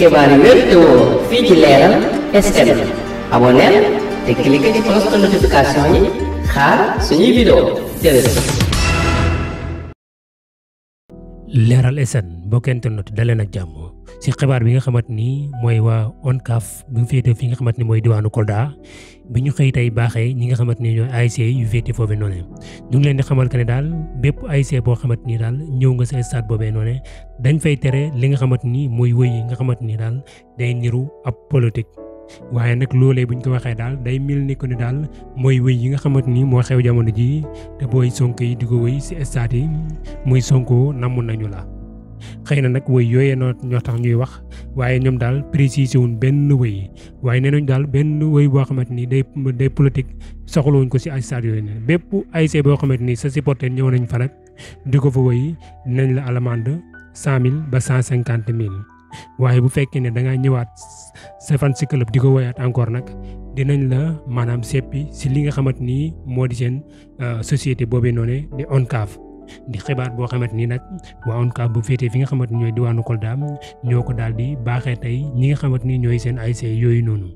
xibaar yi fii ci leeral SN aboneel te cliquer ci poste notification yi xaar suñuy vidéo jërëjëf leeral SN bokkente not daleen ak jàmm ci xibaar bi nga xamante ni mooy waa ONCAV bi mu féetee fi nga xamante ni mooy diwaanu Kolda bi ñu xëy tey baaxee ñi nga xamante ni ñooy ASC yu féetee foofee noonu ñu ngi leen di xamal ne daal bépp ASC boo xamante ni daal ñëw nga sa stade boobee noonu dañ fay tere li nga xamante ni mooy wëy yi nga xamante ni daal day niru ab politique. waaye nag loolee bu ko waxee daal day mel ni ko ne daal mooy wëy yi nga xamante ni moo xew jamono ji te booy sonk yi di ko wëy si stade yi muy sonko namm nañu la. xëy na nag wëy yooyee noo ñoo tax ñuy wax waaye ñoom daal précisé wuñ benn wëy waaye nee ñu daal benn wëy boo xamante ni day day politique soxlawuñ ko si ay stade yooyu ne bépp ASC boo xamante ni sa supporter ñëw nañ fa rek di ko fa wëy dinañ la alamande cent mille ba cent cinquante mille waaye bu fekkee ne da ngaa ñëwaat sa fan di ko woyaat encore nag dinañ la maanaam seppi si li nga xamante ni moo di seen euh, société boobee noonu di ONCAV di xibaar boo xamante ni nag waa ONCAV bu féetee fi nga xamante ni ñooy diwaanu Kolda ñoo ko daal di baaxe tey ñi nga xamante ni ñooy seen ay see yooyu noonu.